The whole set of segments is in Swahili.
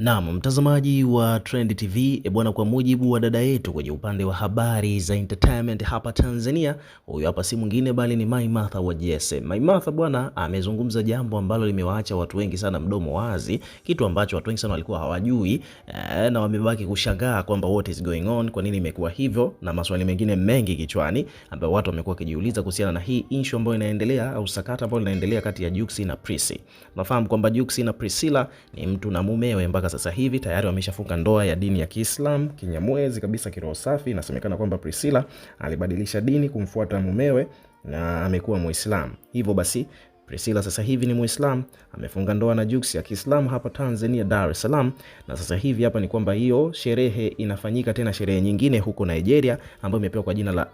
Naam, mtazamaji wa Trend TV e bwana, kwa mujibu wa dada yetu kwenye upande wa habari za entertainment hapa Tanzania, huyu hapa si mwingine bali ni Mai Martha wa Jesse. Martha bwana amezungumza jambo ambalo limewaacha watu wengi sana mdomo wazi, kitu ambacho watu wengi sana walikuwa hawajui e, na wamebaki kushangaa kwamba what is going on, kwa nini imekuwa hivyo, na maswali mengine mengi kichwani ambayo watu wamekuwa wakijiuliza kuhusiana na hii issue ambayo inaendelea au sakata ambayo inaendelea kati ya Jux na Prisi. Nafahamu kwamba Jux na Priscilla ni mtu na mumewe mpaka sasa hivi tayari wameshafunga ndoa ya dini ya kiislamu kinyamwezi kabisa, kiroho safi. Inasemekana kwamba Priscilla alibadilisha dini kumfuata mumewe na amekuwa Muislamu. Hivyo basi Priscilla sasa hivi ni Muislam, amefunga ndoa na Jux ya Kiislamu hapa Tanzania, Dar es Salaam, na sasa hivi hapa ni kwamba hiyo sherehe inafanyika tena sherehe nyingine huko Nigeria ambayo imepewa kwa jina la,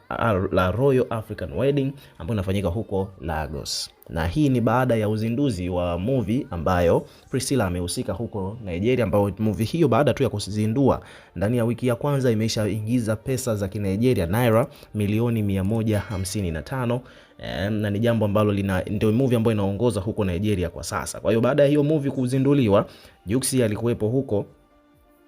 la Royal African Wedding ambayo inafanyika huko Lagos na hii ni baada ya uzinduzi wa movie ambayo Priscilla amehusika huko Nigeria, ambayo movie hiyo baada tu ya kuzindua ndani ya wiki ya kwanza imeshaingiza pesa za Kinigeria naira milioni 155 eh, na ni jambo ambalo lina ndio movie ambayo inaongoza huko Nigeria kwa sasa. Kwa hiyo baada ya hiyo movie kuzinduliwa, Jux alikuwepo huko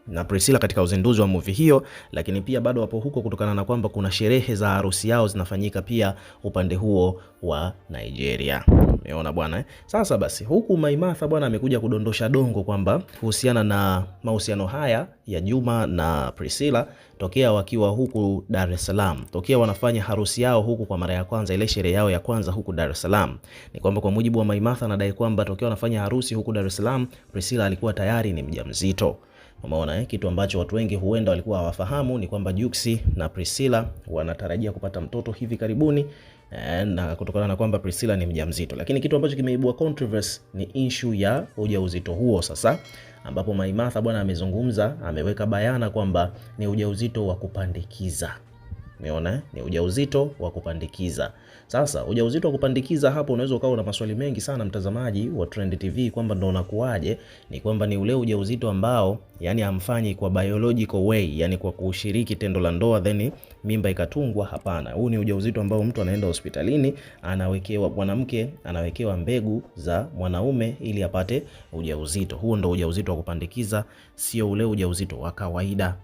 na Priscilla katika uzinduzi wa movie hiyo, lakini pia bado wapo huko kutokana na kwamba kuna sherehe za harusi yao zinafanyika pia upande huo wa Nigeria. Umeona bwana eh? Sasa basi huku Maimartha bwana amekuja kudondosha dongo kwamba kuhusiana na mahusiano haya ya Juma na Priscilla tokea wakiwa huku Dar es Salaam, tokea wanafanya harusi yao huku kwa mara ya kwanza, ile sherehe yao ya kwanza huku Dar es Salaam, ni kwamba kwa mujibu wa Maimartha anadai kwamba tokea wanafanya harusi huku Dar es Salaam, Priscilla alikuwa tayari ni mjamzito. Umeona eh? Kitu ambacho watu wengi huenda walikuwa hawafahamu ni kwamba Jux na Priscilla wanatarajia kupata mtoto hivi karibuni eh, na kutokana na kwamba Priscilla ni mjamzito, lakini kitu ambacho kimeibua controversy ni issue ya ujauzito huo sasa, ambapo Maimartha bwana amezungumza, ameweka bayana kwamba ni ujauzito wa kupandikiza. Umeona, ni ujauzito wa kupandikiza. Sasa ujauzito wa kupandikiza hapo, unaweza ukawa na maswali mengi sana, mtazamaji wa Trend TV, kwamba ndo unakuaje? Ni kwamba ni ule ujauzito ambao yani amfanyi kwa biological way, yani kwa kushiriki tendo la ndoa then mimba ikatungwa. Hapana, huu ni ujauzito ambao mtu anaenda hospitalini, anawekewa mwanamke anawekewa mbegu za mwanaume ili apate ujauzito. Huo ndo ujauzito wa kupandikiza, sio ule ujauzito wa kawaida.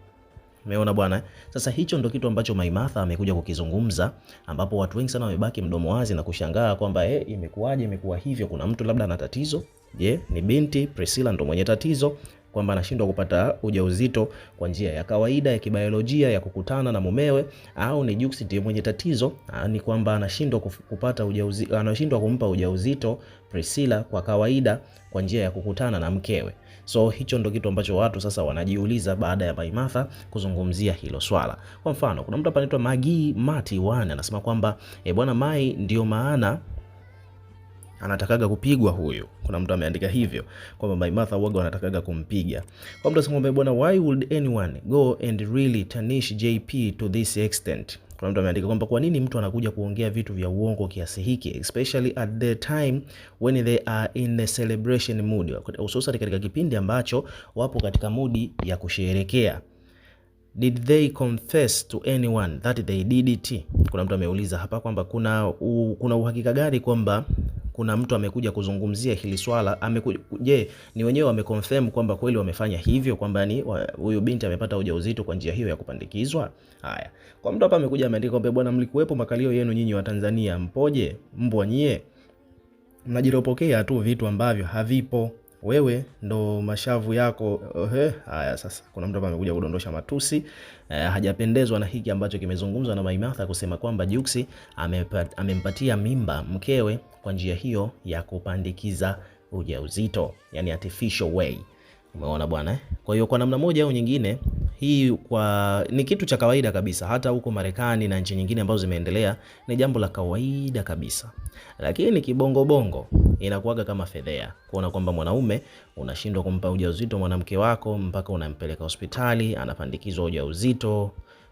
Umeona bwana eh? Sasa hicho ndo kitu ambacho Maimartha amekuja kukizungumza, ambapo watu wengi sana wamebaki mdomo wazi na kushangaa kwamba eh, imekuwaje imekuwa hivyo? Kuna mtu labda ana tatizo? Je, ni binti Priscilla ndo mwenye tatizo kwamba anashindwa kupata ujauzito kwa njia ya kawaida ya kibiolojia ya kukutana na mumewe, au ni Jux ndiye mwenye tatizo? Ah, ni kwamba anashindwa kupata ujauzito, anashindwa kumpa ujauzito Priscilla kwa kawaida kwa njia ya kukutana na mkewe. So hicho ndo kitu ambacho watu sasa wanajiuliza baada ya Maimatha kuzungumzia hilo swala. Kwa mfano, kuna mtu hapa anaitwa Magi Mati Wane anasema kwamba e, bwana Mai ndio maana anatakaga kupigwa huyu. Kuna mtu ameandika hivyo kwamba maimatha waga wanatakaga kumpiga. Kwa mtu asema eh, bwana, why would anyone go and really tarnish JP to this extent? Kuna mtu ameandika kwamba kwa nini mtu anakuja kuongea vitu vya uongo kiasi hiki, especially at the time when they are in the celebration mood, hususan katika kipindi ambacho wapo katika mudi ya kusherekea. Did they confess to anyone that they did it? Kuna mtu ameuliza hapa kwamba kuna, u, kuna uhakika gani kwamba kuna mtu amekuja kuzungumzia hili swala amekuja, je, ni wenyewe wameconfirm kwamba kweli wamefanya hivyo, kwamba ni huyu binti amepata ujauzito kwa njia hiyo ya kupandikizwa. Haya, kwa mtu hapa amekuja ameandika kwamba bwana, mlikuwepo makalio yenu nyinyi wa Tanzania, mpoje mbwa nyie, mnajiropokea tu vitu ambavyo havipo wewe ndo mashavu yako. Ehe, haya sasa, kuna mtu hapa amekuja kudondosha matusi e, hajapendezwa na hiki ambacho kimezungumzwa na Maimartha kusema kwamba Jux amempatia mimba mkewe kwa njia hiyo ya kupandikiza ujauzito, yani artificial way. Umeona bwana eh? Kwa hiyo kwa namna moja au nyingine hii kwa ni kitu cha kawaida kabisa, hata huko Marekani na nchi nyingine ambazo zimeendelea ni jambo la kawaida kabisa, lakini kibongobongo inakuwaga kama fedhea kuona kwamba mwanaume unashindwa kumpa ujauzito mwanamke wako mpaka unampeleka hospitali anapandikizwa ujauzito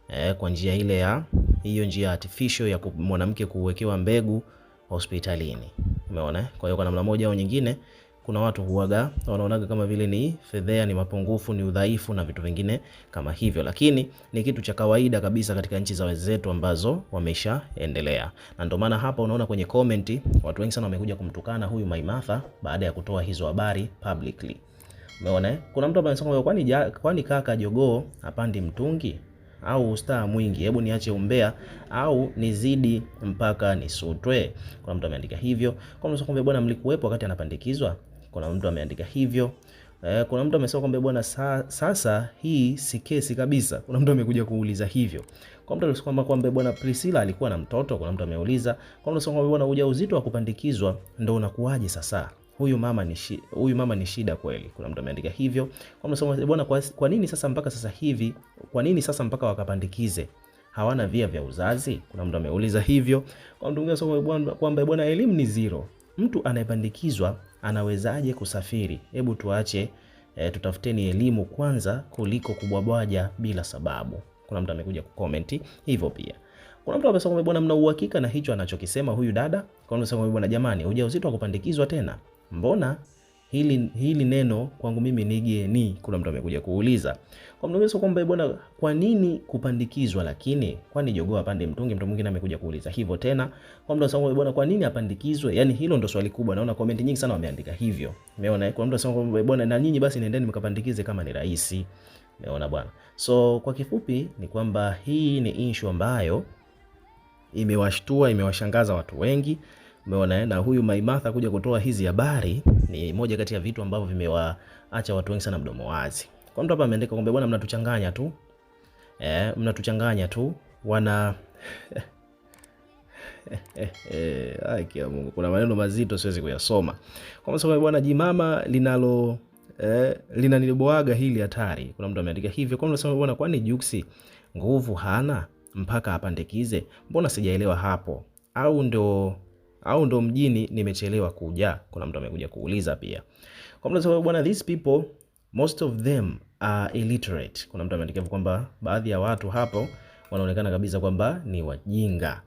eh, kwa njia ile ya hiyo njia artificial ya mwanamke kuwekewa mbegu hospitalini. Umeona? Eh? Kwa hiyo kwa namna moja au nyingine kuna watu huaga wanaonaga kama vile ni fedhea, ni mapungufu, ni udhaifu na vitu vingine kama hivyo, lakini ni kitu cha kawaida kabisa katika nchi za wenzetu ambazo wameshaendelea. Na ndio maana hapa unaona kwenye comment watu wengi sana wamekuja kumtukana huyu Maimartha baada ya kutoa hizo habari publicly. Umeona, eh? kuna mtu ambaye anasema kwani, kwani kaka jogoo hapandi mtungi au ustaa mwingi, hebu niache umbea au nizidi mpaka nisutwe. Kuna mtu ameandika hivyo. kwa Kumbe bwana, mlikuwepo wakati anapandikizwa? Kuna mtu ameandika hivyo. Eh, kuna mtu amesema kwamba bwana sa, sasa hii si kesi kabisa. Kuna mtu amekuja kuuliza hivyo. Kwa mtu alisema kwamba kwamba bwana Priscilla alikuwa na mtoto, kuna mtu ameuliza. Kwa mtu alisema kwamba bwana ujauzito wa kupandikizwa ndio unakuaje sasa? Huyu mama ni shida, huyu mama ni shida kweli. Kuna mtu ameandika hivyo. Kwa mtu alisema bwana, kwa kwa nini sasa mpaka sasa hivi? Kwa nini sasa mpaka wakapandikize? Hawana via vya uzazi? Kuna mtu ameuliza hivyo. Kwa mtu mwingine alisema kwamba bwana elimu ni zero. Mtu anayepandikizwa anawezaje kusafiri? Hebu tuache e, tutafuteni elimu kwanza kuliko kubwabwaja bila sababu. Kuna mtu amekuja kukomenti hivyo pia. Kuna mtu amesema bwana, mna uhakika na hicho anachokisema huyu dada? Kwa nini unasema bwana, jamani, ujauzito wa kupandikizwa tena? Mbona hili, hili neno kwangu mimi ni geni. Kuna mtu amekuja kuuliza kwa mdogeso kwamba bwana, kwa nini kupandikizwa, lakini kwani jogoo apande mtungi? Mtu mwingine amekuja kuuliza hivyo tena kwa mdogeso kwamba bwana, kwa nini apandikizwe? Yani hilo ndo swali kubwa, naona comment nyingi sana wameandika hivyo. Umeona, eh? kuna mtu anasema kwamba bwana, na nyinyi basi nendeni mkapandikize kama ni rahisi. Umeona bwana, so kwa kifupi ni kwamba hii ni issue ambayo imewashtua imewashangaza watu wengi. Umeona, eh? na huyu Maimartha kuja kutoa hizi habari ni moja kati ya vitu ambavyo vimewaacha watu wengi sana mdomo wazi. Kwa mtu hapa ameandika kwamba bwana, mnatuchanganya tu eh, mnatuchanganya tu wana Aikia Mungu, kuna maneno mazito siwezi kuyasoma. Kwa sababu bwana, jimama linalo eh, linaniboaga hili hatari. Kuna mtu ameandika hivyo. Kwa sababu bwana, kwani Juksi nguvu hana mpaka apandikize? Mbona sijaelewa hapo, au ndo au ndo mjini nimechelewa kuja. Kuna mtu amekuja kuuliza pia. Kwa mtu sababu bwana, these people most of them are illiterate. Kuna mtu ameandika kwamba baadhi ya watu hapo wanaonekana kabisa kwamba ni wajinga.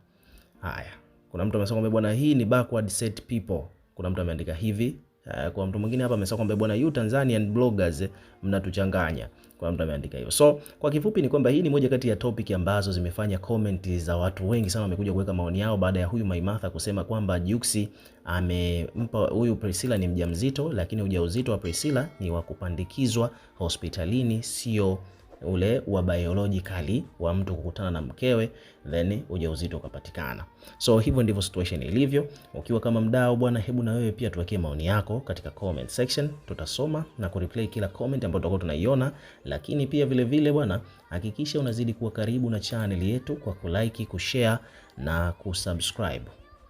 Haya, kuna mtu amesema kwamba bwana, hii ni backward set people. Kuna mtu ameandika hivi Eh, kwa mtu mwingine hapa amesema kwamba bwana, you Tanzanian bloggers eh, mnatuchanganya. Kwa mtu ameandika hiyo So kwa kifupi ni kwamba hii ni moja kati ya topic ambazo zimefanya comment za watu wengi sana, wamekuja kuweka maoni yao baada ya huyu maimatha kusema kwamba Jux amempa huyu Priscilla ni mjamzito, lakini ujauzito wa Priscilla ni wa kupandikizwa hospitalini, sio ule wa biologically wa mtu kukutana na mkewe then ujauzito ukapatikana. So hivyo ndivyo situation ilivyo. Ukiwa kama mdau bwana, hebu na wewe pia tuwekee maoni yako katika comment section, tutasoma na kureplay kila comment ambayo tutakuwa tunaiona. Lakini pia vile vile bwana, hakikisha unazidi kuwa karibu na channel yetu kwa kulike, kushare na kusubscribe.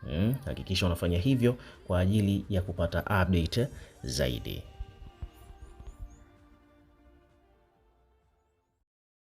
Hmm, hakikisha unafanya hivyo kwa ajili ya kupata update zaidi.